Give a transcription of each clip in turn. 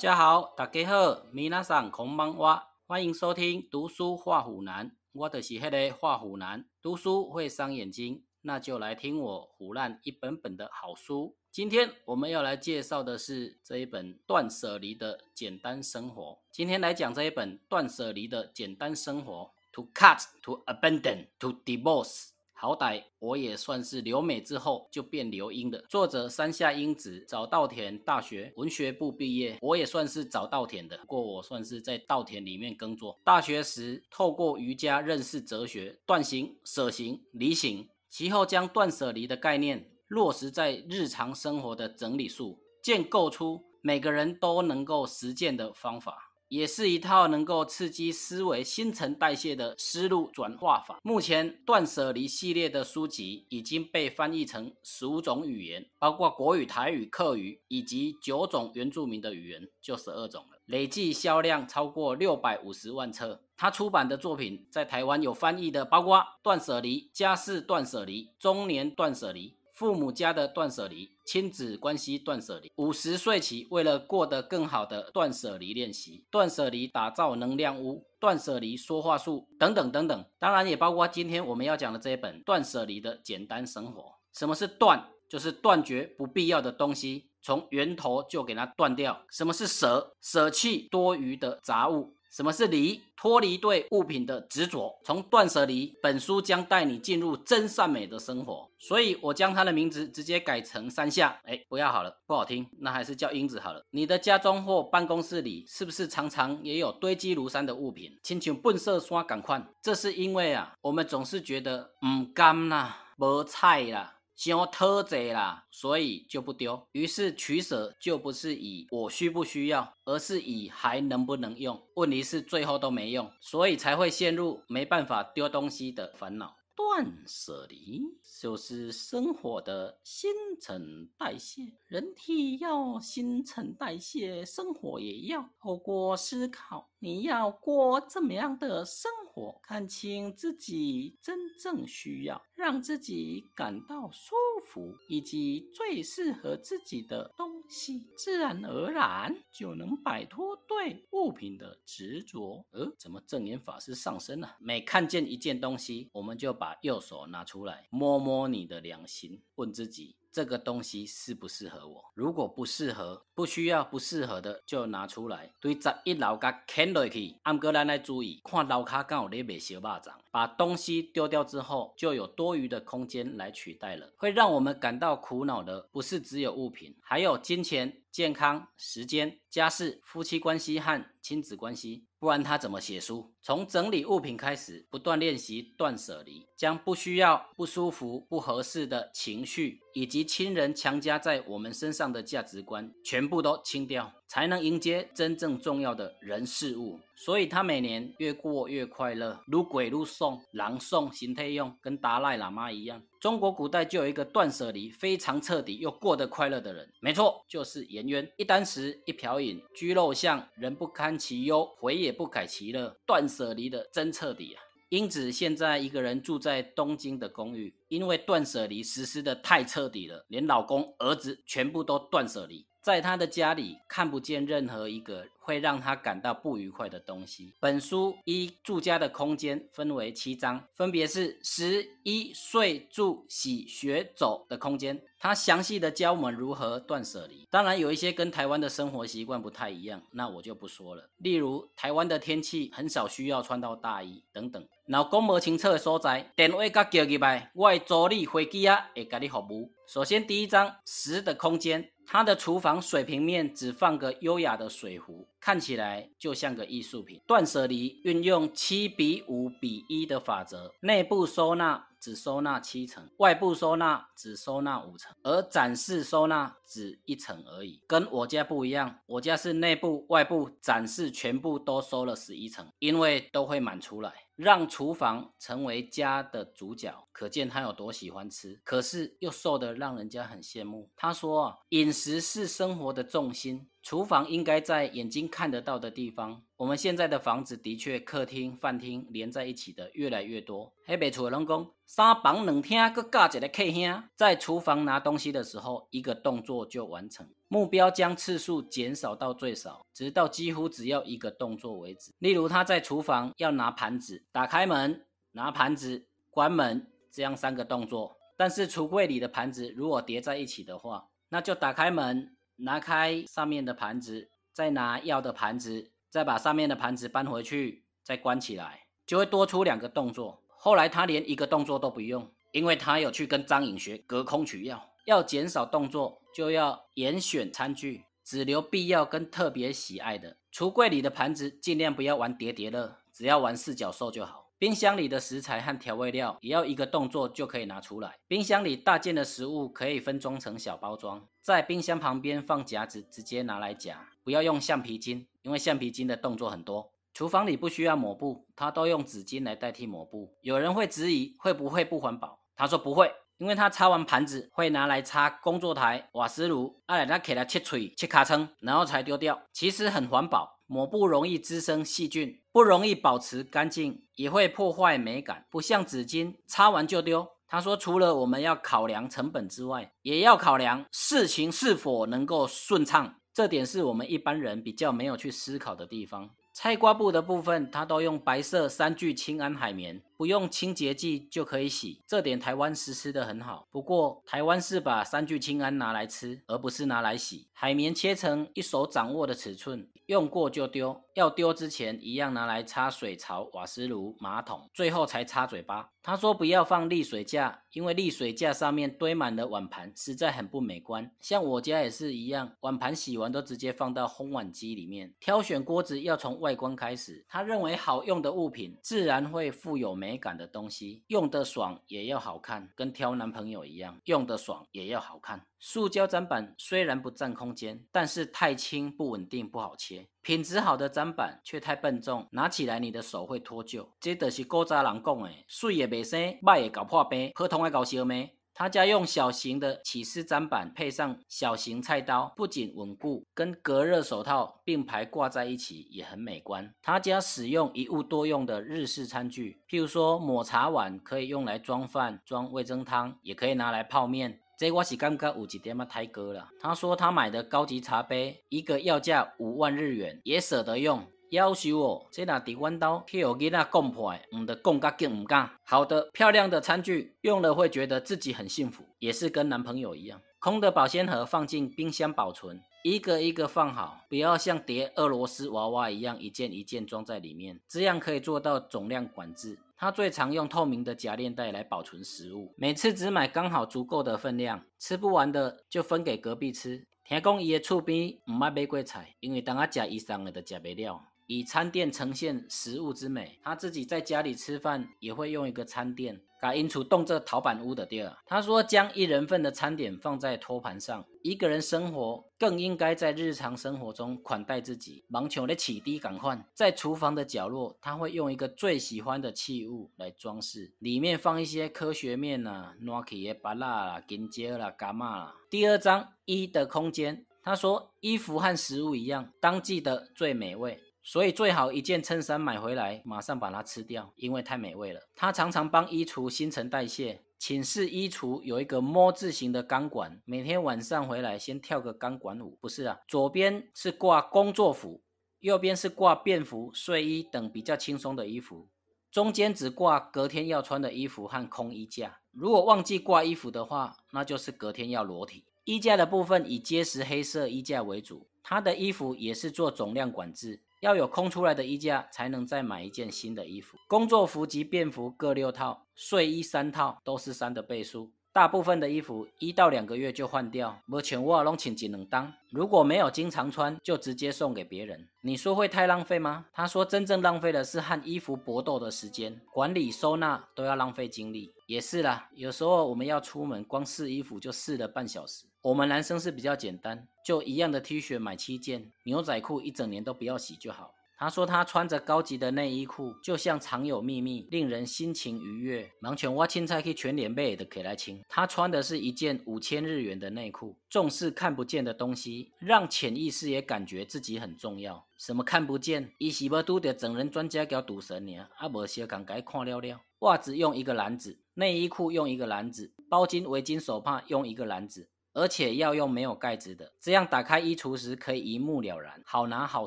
大家好，大家好，米娜桑，康忙哇，歡迎收聽讀書畫虎難，我就是迄個畫虎難。讀書會傷眼睛，那就來聽我虎爛一本本的好書。今天我們要來介紹的是這一本《斷捨離的簡單生活》。今天來講這一本《斷捨離的簡單生活》。To cut, to abandon, to divorce. 好歹我也算是留美之後就變留英的作者山下英子，早稻田大學文學部畢業。我也算是早稻田的，不過我算是在稻田裡面耕作。大學時透過瑜伽認識哲學，斷行、捨行、離行，其後將斷捨離的概念落實在日常生活的整理術，建構出每個人都能夠實踐的方法。也是一套能夠刺激思維、新陳代謝的思路轉化法。目前，《斷捨離》系列的書籍已經被翻譯成十五種語言，包括國語、台語、客語以及九種原住民的語言，就十二種了。累計銷量超過六百五十萬冊。他出版的作品在台灣有翻譯的，包括《斷捨離》、《家事斷捨離》、《中年斷捨離》。父母家的斷捨離，親子關係斷捨離，五十歲起為了過得更好的斷捨離練習，斷捨離打造能量屋，斷捨離說話術等等等等，當然也包括今天我們要講的這一本《斷捨離的簡單生活》。什麼是斷？就是斷絕不必要的東西，從源頭就給它斷掉。什麼是捨？捨棄多餘的雜物。什麼是離？脫離對物品的執着，從斷捨離。本書將帶你進入真善美的生活。所以，我將它的名字直接改成山下。哎、欸，不要好了，不好聽。那還是叫英子好了。你的家中或辦公室裡，是不是常常也有堆積如山的物品，親像笨色刷咁快。這是因為啊，我們總是覺得唔甘啦，無彩啦。喜歡太多啦，所以就不丟。於是取舍就不是以我需不需要，而是以還能不能用。問題是最後都沒用，所以才會陷入沒辦法丟東西的煩惱。斷捨離就是生活的新陳代謝，人體要新陳代謝，生活也要。透過思考。你要過怎麼樣的生活？看清自己真正需要，讓自己感到舒服，以及最適合自己的東西，自然而然就能擺脫對物品的執着。呃，怎麼證嚴法師上身啊？每看見一件東西，我們就把右手拿出來，摸摸你的良心，問自己。這個東西適不適合我？如果不適合、不需要、不適合的，就拿出來。對，十一老卡撿落去，按個人來注意。看到卡告你別學巴掌，把東西丟掉之後，就有多餘的空間來取代了。會讓我們感到苦惱的，不是只有物品，還有金錢、健康、時間、家事、夫妻關係和親子關係。不然他怎麼寫書？從整理物品開始，不斷練習斷捨離，將不需要、不舒服、不合適的情緒，以及親人強加在我們身上的價值觀，全部都清掉，才能迎接真正重要的人事物。所以他每年越過越快樂，如鬼如頌，狼送心態用，跟達賴喇嘛一樣。中國古代就有一個斷捨離非常徹底又過得快樂的人，沒錯，就是顏淵。一簞食，一瓢飲，居陋巷，人不堪其憂，回也不改其樂。斷捨。捨離的真徹底啊，英子現在一個人住在東京的公寓，因為斷捨離實施得太徹底了，連老公、兒子全部都斷捨離。在他的家裡，看不見任何一個會讓他感到不愉快的東西。本書《以住家的空間》分為七章，分別是：食、衣、睡、住、洗、學、走的空間。他詳細的教我們如何斷捨離。當然，有一些跟台灣的生活習慣不太一樣，那我就不說了。例如，台灣的天氣很少需要穿到大衣等等。然公婆親測的所在，點位甲叫入來，我會助力飛機仔會甲你服務。首先，第一章，食的空間。他的廚房水平面只放個優雅的水壺，看起來就像個藝術品。斷捨離運用七比五比一的法則，內部收納只收納七層，外部收納只收納五層，而展示收納只一層而已。跟我家不一樣，我家是內部、外部、展示全部都收了十一層，因為都會滿出來，讓廚房成為家的主角。可見他有多喜歡吃，可是又瘦得讓人家很羨慕。他說啊：“飲食是生活的重心。”廚房應該在眼睛看得到的地方。我們現在的房子的確客廳、飯廳連在一起的越來越多。黑北楚龍工三房兩廳，各加一個客廳，在廚房拿東西的時候，一個動作就完成。目標將次數減少到最少，直到幾乎只要一個動作為止。例如，他在廚房要拿盤子，打開門，拿盤子，關門，這樣三個動作。但是，櫥櫃裡的盤子如果疊在一起的話，那就打開門。拿開上面的盤子，再拿要的盤子，再把上面的盤子搬回去，再關起來，就會多出兩個動作。後來他連一個動作都不用，因為他有去跟張穎學隔空取藥。要減少動作，就要嚴選餐具，只留必要跟特別喜愛的。櫥櫃裡的盤子儘量不要玩疊疊樂，只要玩四角獸就好。冰箱裡的食材和調味料也要一個動作就可以拿出來。冰箱裡大件的食物可以分裝成小包裝，在冰箱旁邊放夾子，直接拿來夾，不要用橡皮筋，因為橡皮筋的動作很多。廚房裡不需要抹布，他都用紙巾來代替抹布。有人會質疑會不會不環保？他說不會，因為他擦完盤子會拿來擦工作台、瓦斯爐，阿他給他切菜、切卡稱，然後才丟掉，其實很環保。抹布容易滋生細菌。不容易保持乾淨，也會破壞美感。不像紙巾，擦完就丟。他說，除了我們要考量成本之外，也要考量事情是否能夠順暢。這點是我們一般人比較沒有去思考的地方。菜瓜布的部分，他都用白色三聚氰胺海綿。不用清潔劑就可以洗，這點台灣實施得很好。不過台灣是把三聚氰胺拿來吃，而不是拿來洗。海綿切成一手掌握的尺寸，用過就丟。要丟之前，一樣拿來擦水槽、瓦斯爐、馬桶，最後才擦嘴巴。他說不要放瀝水架，因為瀝水架上面堆滿了碗盤，實在很不美觀。像我家也是一樣，碗盤洗完都直接放到烘碗機裡面。挑選鍋子要從外觀開始，他認為好用的物品自然會富有美。美感的東西用得爽也要好看，跟挑男朋友一樣，用得爽也要好看。塑膠砧板雖然不佔空間，但是太輕不穩定，不好切。品質好的砧板卻太笨重，拿起來你的手會脫臼。這都是古早人講的，碎也袂生，賣也搞破杯合同的搞燒麥。買他家用小型的起司砧板配上小型菜刀，不僅穩固，跟隔熱手套並排掛在一起也很美觀。他家使用一物多用的日式餐具，譬如說抹茶碗可以用來裝飯、裝味噌湯，也可以拿來泡麵。這我是感覺有一點點太哥了。他說他買的高級茶杯一個要價五萬日元，也捨得用。要求哦，即拿剃彎刀，去候囡那講破的，唔得講甲緊唔講。好的，漂亮的餐具用了會覺得自己很幸福，也是跟男朋友一樣。空的保鮮盒放進冰箱保存，一個一個放好，不要像疊俄羅斯娃娃一樣一件一件裝在裡面，這樣可以做到總量管制。他最常用透明的夾鏈袋來保存食物，每次只買剛好足夠的分量，吃不完的就分給隔壁吃。聽講伊的厝邊唔愛買過菜，因為當阿食一箱的都食袂了。以餐墊呈現食物之美。他自己在家裡吃飯也會用一個餐墊。改英楚動這陶板屋的地兒。他說，將一人份的餐點放在托盤上，一個人生活更應該在日常生活中款待自己。盲球的起低感換在廚房的角落，他會用一個最喜歡的器物來裝飾，裡面放一些科學面呢、啊，暖氣也巴拉啦，跟杰啦幹嘛啦？第二章衣的空間。他說，衣服和食物一樣，當季的最美味。所以最好一件襯衫買回來馬上把它吃掉，因為太美味了。他常常幫衣櫥新陳代謝。寢室衣櫥有一個 ㄇ 字形的鋼管，每天晚上回來先跳個鋼管舞。不是啊，左邊是掛工作服，右邊是掛便服、睡衣等比較輕鬆的衣服，中間只掛隔天要穿的衣服和空衣架。如果忘記掛衣服的話，那就是隔天要裸體。衣架的部分以結實黑色衣架為主，他的衣服也是做總量管制。要有空出來的衣架，才能再買一件新的衣服。工作服及便服各六套，睡衣三套，都是三的倍數。大部分的衣服一到兩個月就換掉，不我窩攏請節能當。如果沒有經常穿，就直接送給別人。你說會太浪費嗎？他說真正浪費的是和衣服搏鬥的時間，管理收納都要浪費精力。也是啦，有時候我們要出門，光試衣服就試了半小時。我們男生是比較簡單，就一樣的 T 恤買七件，牛仔褲一整年都不要洗就好。他說他穿着高級的內衣褲，就像藏有秘密，令人心情愉悅。盲全挖青菜可全臉背的，給來親。他穿的是一件五千日元的內褲，重視看不見的東西，讓潛意識也感覺自己很重要。什麼看不見？一洗不都得整人專家叫賭神。呢、啊？阿無先講改看尿尿。襪子用一個籃子，內衣褲用一個籃子，包巾、圍巾、手帕用一個籃子。而且要用沒有蓋子的，這樣打開衣櫥時可以一目了然，好拿好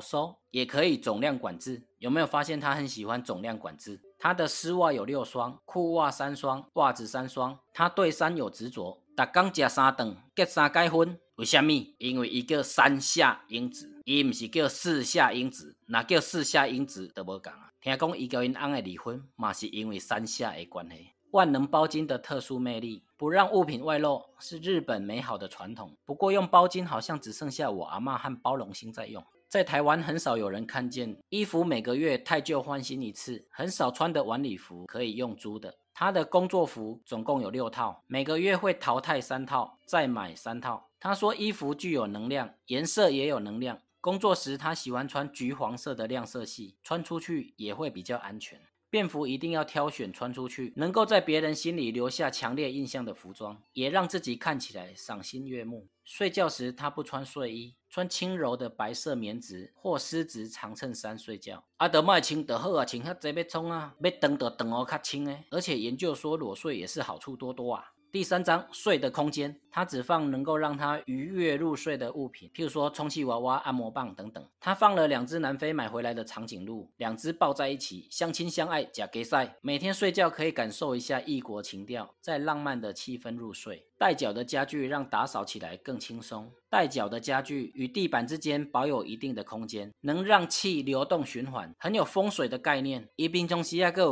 收，也可以總量管制。有沒有發現他很喜歡總量管制？他的絲襪有六雙，褲襪三雙，襪子三雙。他對三有執着，達工食三頓，結三界婚。為什麼？因為一個山下英子，伊唔是叫四下英子，哪叫四下英子都無同啊。聽講伊交因翁會離婚，嘛是因為山下的關係。萬能包金的特殊魅力。不讓物品外露是日本美好的傳統。不過用包巾好像只剩下我阿嬤和包榮興在用，在台灣很少有人看見。衣服每個月汰舊換新一次，很少穿的晚禮服可以用租的。他的工作服總共有六套，每個月會淘汰三套，再買三套。他說衣服具有能量，顏色也有能量。工作時他喜歡穿橘黃色的亮色系，穿出去也會比較安全。便服一定要挑選穿出去能夠在別人心裡留下強烈印象的服裝，也讓自己看起來賞心悅目。睡覺時他不穿睡衣，穿輕柔的白色棉質或絲質長襯衫睡覺。阿德賣輕德赫啊，輕喝儕要沖啊，要等。就等哦較輕誒。而且研究說裸睡也是好處多多啊。第三章，睡的空間，他只放能夠讓他愉悅入睡的物品，譬如說充氣娃娃、按摩棒等等。他放了兩隻南非買回來的長頸鹿，兩隻抱在一起，相親相愛，假給賽。每天睡覺可以感受一下異國情調，在浪漫的氣氛入睡。帶腳的家具讓打掃起來更輕鬆。帶腳的家具與地板之間保有一定的空間，能讓氣流動循環，很有風水的概念。西各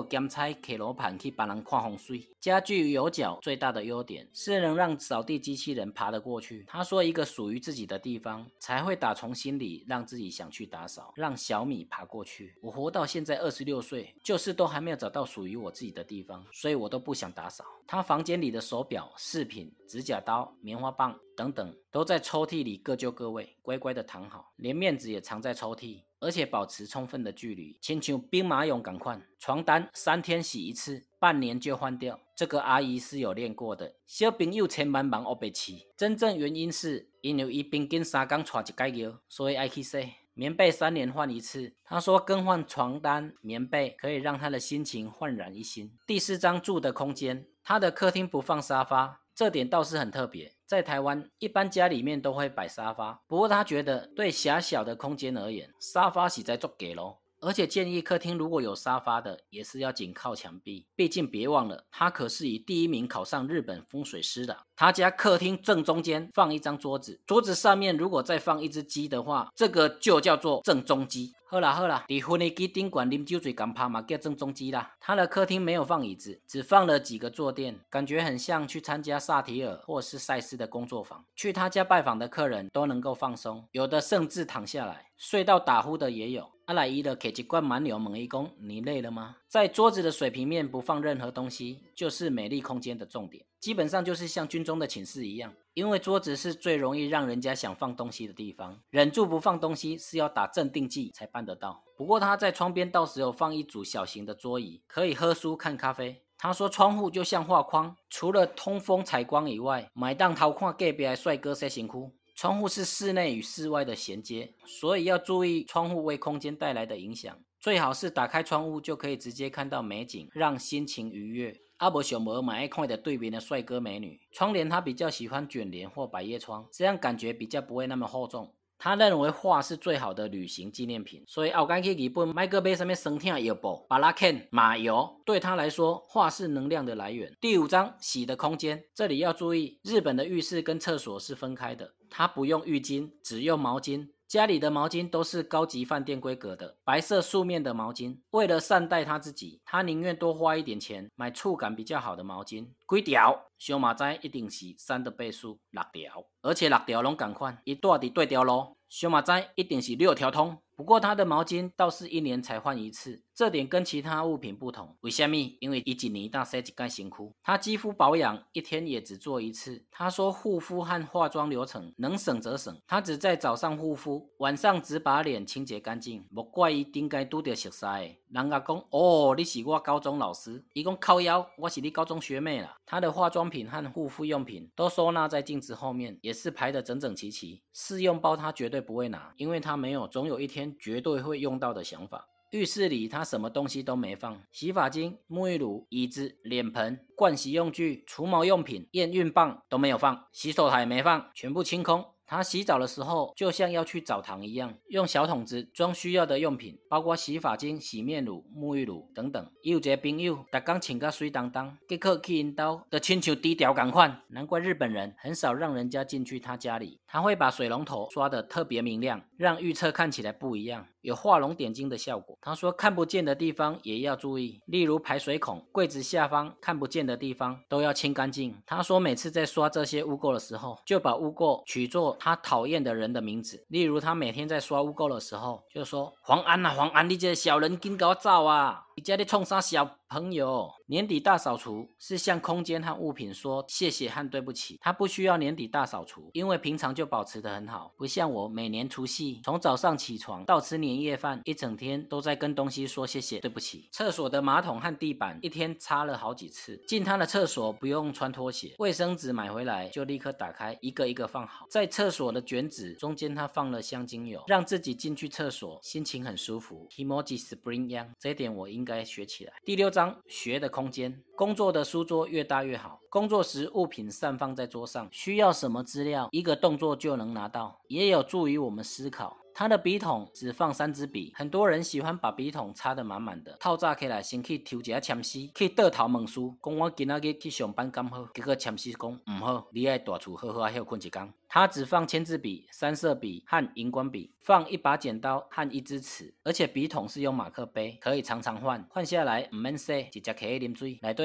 羅盤去幫人看風水。家具有腳最大的優點是能讓掃地機器人爬得過去。他說：“一個屬於自己的地方，才會打從心裡讓自己想去打掃，讓小米爬過去。”我活到現在二十六歲，就是都還沒有找到屬於我自己的地方，所以我都不想打掃。他房間裡的手錶、飾品、指甲刀、棉花棒等等都在抽屜裡各就各位，乖乖的躺好，連面子也藏在抽屜，而且保持充分的距離，親像兵馬俑感款。床單三天洗一次，半年就換掉。這個阿姨是有練過的，小朋友千般忙，二百七。真正原因是，因有一兵跟沙崗娶一蓋橋，所以愛去洗。棉被三年換一次。她說更換床單、棉被可以讓她的心情煥然一新。第四張住的空間，她的客廳不放沙發。這點倒是很特別，在台灣一般家裡面都會擺沙發，不過他覺得對狹小的空間而言，沙發實在做給嘍。而且建議客廳如果有沙發的，也是要緊靠牆壁。畢竟別忘了，他可是以第一名考上日本風水師的。他家客廳正中間放一張桌子，桌子上面如果再放一隻雞的話，這個就叫做正中雞。好啦好啦喝啦喝啦離婚的雞丁館林酒嘴乾拍馬叫正中雞啦。他的客廳沒有放椅子，只放了幾個坐墊，感覺很像去參加薩提爾或是賽斯的工作坊。去他家拜訪的客人都能夠放鬆，有的甚至躺下來睡到打呼的也有。阿萊伊的 K 級灌滿蠻牛猛一弓你累了嗎？在桌子的水平面不放任何東西，就是美麗空間的重點。基本上就是像軍中的寢室一樣，因為桌子是最容易讓人家想放東西的地方。忍住不放東西是要打鎮定劑才辦得到。不過他在窗邊到時候放一組小型的桌椅，可以喝書看咖啡。他說窗戶就像畫框，除了通風採光以外，買檔偷看隔壁的帥哥洗身軀窗戶是室內與室外的銜接，所以要注意窗戶為空間帶來的影響。最好是打開窗戶就可以直接看到美景，讓心情愉悅。阿伯小摩蠻愛看的對面的帥哥美女。窗簾他比較喜歡捲簾或百葉窗，這樣感覺比較不會那麼厚重。他認為畫是最好的旅行紀念品，所以奧乾去日本買個杯上面生挺油布，把拉看馬油。對他來說，畫是能量的來源。第五章洗的空間，這裡要注意，日本的浴室跟廁所是分開的，他不用浴巾，只用毛巾。家裡的毛巾都是高級飯店規格的白色素面的毛巾，為了善待他自己，他寧願多花一點錢買觸感比較好的毛巾。幾條？小馬仔一定是三的倍數，六條，而且六條攏同款。一袋的對條咯？小馬仔一定是六條通。不過他的毛巾倒是一年才換一次。這點跟其他物品不同，為什麼？因為一幾年一大設計干辛苦，他肌膚保養一天也只做一次。他說護膚和化妝流程能省則省，他只在早上護膚，晚上只把臉清潔乾淨。莫怪伊頂該拄到熟識，人家講哦，你是我高中老師，伊講靠腰，我是你高中學妹了。他的化妝品和護膚用品都收納在鏡子後面，也是排得整整齊齊。試用包他絕對不會拿，因為他沒有總有一天絕對會用到的想法。浴室裡，他什麼東西都沒放，洗髮精、沐浴乳、椅子、臉盆、盥洗用具、除毛用品、驗孕棒都沒有放，洗手台沒放，全部清空。他洗澡的時候，就像要去澡堂一樣，用小桶子裝需要的用品，包括洗髮精、洗面乳、沐浴乳等等。又一個朋友，鋼講請個水當當，給克去因兜的親像低調咁款，難怪日本人很少讓人家進去他家裡。他會把水龍頭刷得特別明亮，讓浴室看起來不一樣。有畫龍點睛的效果。他說，看不見的地方也要注意，例如排水孔、櫃子下方看不見的地方都要清乾淨。他說每次在刷這些污垢的時候，就把污垢取作他討厭的人的名字。例如他每天在刷污垢的時候，就說黃安啊，黃安，你這小人精，給我走啊！你家裡衝啥小朋友？年底大掃除是向空間和物品說謝謝和對不起。他不需要年底大掃除，因為平常就保持得很好。不像我，每年除夕從早上起床到吃年夜飯，一整天都在跟東西說謝謝對不起。廁所的馬桶和地板一天擦了好幾次。進他的廁所不用穿拖鞋，衛生紙買回來就立刻打開，一個一個放好。在廁所的捲紙中間，他放了香精油，讓自己進去廁所心情很舒服。Kimochi spring young，這一點我應應該學起來。第六章學的空間。工作的書桌越大越好。工作時物品散放在桌上，需要什麼資料，一個動作就能拿到，也有助於我們思考。他的筆筒只放三支筆，很多人喜歡把筆筒插得滿滿的。透早起來先去抽一下籤詩，去抬頭蒙書，講我今仔日去上班剛好。結果籤詩講唔好，你愛大厝好好啊休困一工。他只放簽字筆、三色筆和熒光筆，放一把剪刀和一支尺，而且筆筒是用馬克杯，可以常常換。換下來不用洗直接起去啉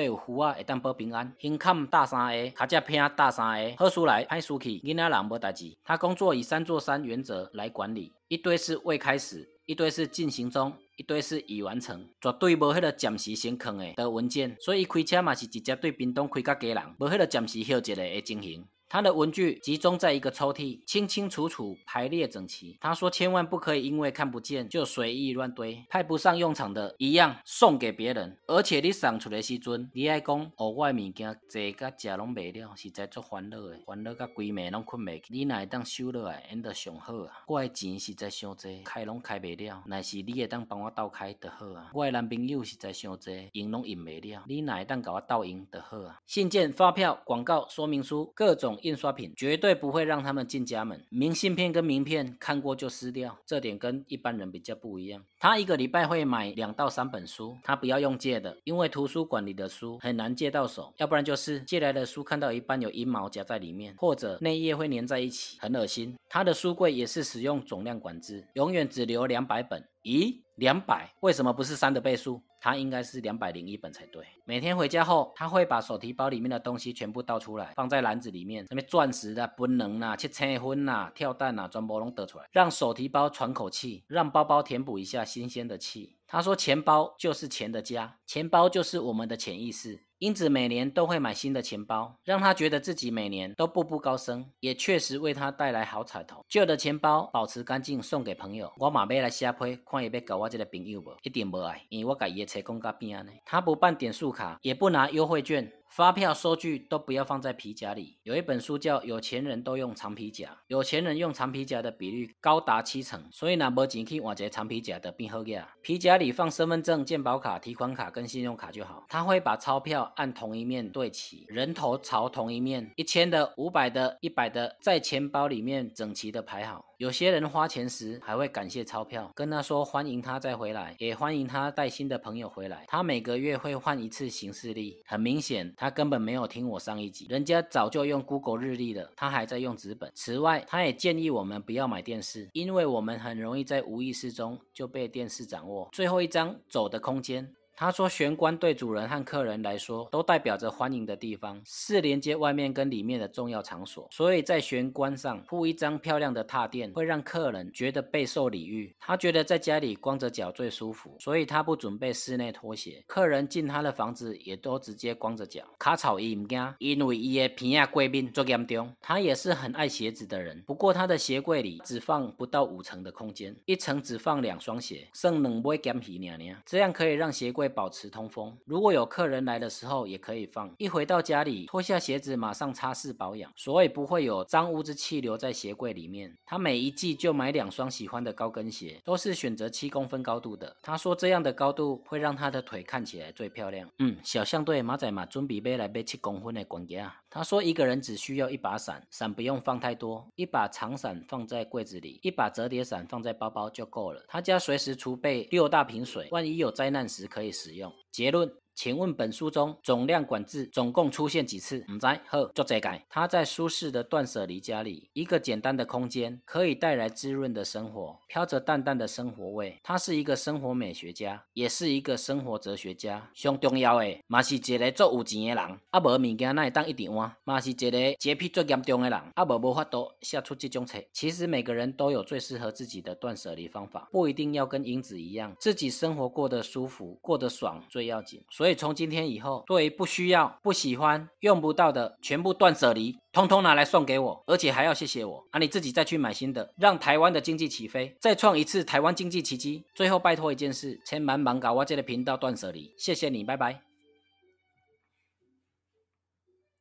有福啊，會當保平安。胸坎搭三個，腳只片搭三個，好輸來，歹輸去，囡仔人無代志。他工作以三座山原則來管理，一堆是未開始，一堆是進行中，一堆是已完成，絕對無迄個暫時先坑的的文件。所以開車嘛是直接對冰凍開甲家人，無迄個暫時休息的情形。他的文具集中在一個抽屜，清清楚楚排列整齊。他說：“千萬不可以因為看不見就隨意亂堆，派不上用場的一樣送給別人。而且你送出的時陣，你愛講屋外物件這個假攏沒了，是在做煩惱的，煩惱甲閨蜜攏困袂去。你哪會當收落來？因都上好啊。我的錢實在傷濟，開攏開袂了。若是你會當幫我倒開，就好啊。我的男朋友實在傷濟，用攏用袂了。你哪會當給我倒用就好啊？信件、發票、廣告、說明書，各種。印刷品絕對不會讓他們進家門。明信片跟名片看過就撕掉，這點跟一般人比較不一樣。他一個禮拜會買兩到三本書，他不要用借的，因為圖書館裡的書很難借到手，要不然就是借來的書看到一半有陰毛夾在裡面，或者內頁會粘在一起，很噁心。他的書櫃也是使用總量管制，永遠只留兩百本。咦，兩百為什麼不是三的倍數？它應該是兩百零一本才對。每天回家後，他會把手提包裡面的東西全部倒出來，放在籃子裡面，什麼鑽石的、不能啊、七婚分吶、啊、跳蛋吶、啊，全部攏倒出來，讓手提包喘口氣，讓包包填補一下新鮮的氣。他說，錢包就是錢的家，錢包就是我們的潛意識。英子每年都會買新的錢包，讓她覺得自己每年都步步高升，也確實為她帶來好彩頭。舊的錢包保持乾淨，送給朋友，我嘛買來瞎批，看伊要交我這個朋友無，一點不愛，因為我家伊的車公家變呢。他不辦點數卡，也不拿優惠券。發票、收據都不要放在皮夾裡。有一本書叫《有錢人都用長皮夾》，有錢人用長皮夾的比率高達七成。所以呢，不僅僅去挖掘長皮夾的庇護呀，皮夾裡放身份證、健保卡、提款卡跟信用卡就好。他會把鈔票按同一面對齊，人頭朝同一面，一千的、五百的、一百的，在錢包裡面整齊的排好。有些人花錢時還會感謝鈔票，跟他說歡迎他再回來，也歡迎他帶新的朋友回來。他每個月會換一次行事曆，很明顯他根本沒有聽我上一集，人家早就用 Google 日曆了，他還在用紙本。此外，他也建議我們不要買電視，因為我們很容易在無意識中就被電視掌握。最後一張，走的空間。他說：“玄關對主人和客人來說，都代表着歡迎的地方，是連接外面跟裡面的重要場所。所以在玄關上鋪一張漂亮的踏墊，會讓客人覺得備受禮遇。他覺得在家裡光着腳最舒服，所以他不準備室內拖鞋。客人進他的房子也都直接光着腳。卡草伊唔驚，因為伊個皮亞貴賓做鑑定。他也是很愛鞋子的人，不過他的鞋櫃裡只放不到五層的空間，一層只放兩雙鞋，剩兩杯減皮。這樣可以讓鞋櫃。”保持通風。如果有客人來的時候，也可以放。一回到家裡，脫下鞋子，馬上擦拭保養，所以不會有髒污之氣留在鞋櫃裡面。他每一季就買兩雙喜歡的高跟鞋，都是選擇七公分高度的。他說這樣的高度會讓他的腿看起來最漂亮。嗯，小象對馬仔馬準備背來背七公分的逛街。他說一個人只需要一把傘，傘不用放太多，一把長傘放在櫃子裡，一把摺疊傘放在包包就夠了。他家隨時儲備六大瓶水，萬一有災難時可以。使用結論。請問本書中總量管制總共出現幾次？唔知，好做第改他在舒適的斷舍離家裡，一個簡單的空間，可以帶來滋潤的生活，飄着淡淡的生活味。他是一個生活美學家，也是一個生活哲學家。上重要誒，嘛是一個做有錢誒人，啊無物件哪當一點碗，嘛是一個潔癖最嚴重誒人，啊無法多寫出這種。其實每個人都有最適合自己的斷舍離方法，不一定要跟英子一樣，自己生活過得舒服、過得爽最要緊。所以。所以從今天以後，對於不需要、不喜歡、用不到的，全部斷捨離，通通拿來送給我，而且還要謝謝我啊！你自己再去買新的，讓台灣的經濟起飛，再創一次台灣經濟奇蹟。最後拜托一件事，千萬忙搞我這個頻道斷捨離，謝謝你，拜拜。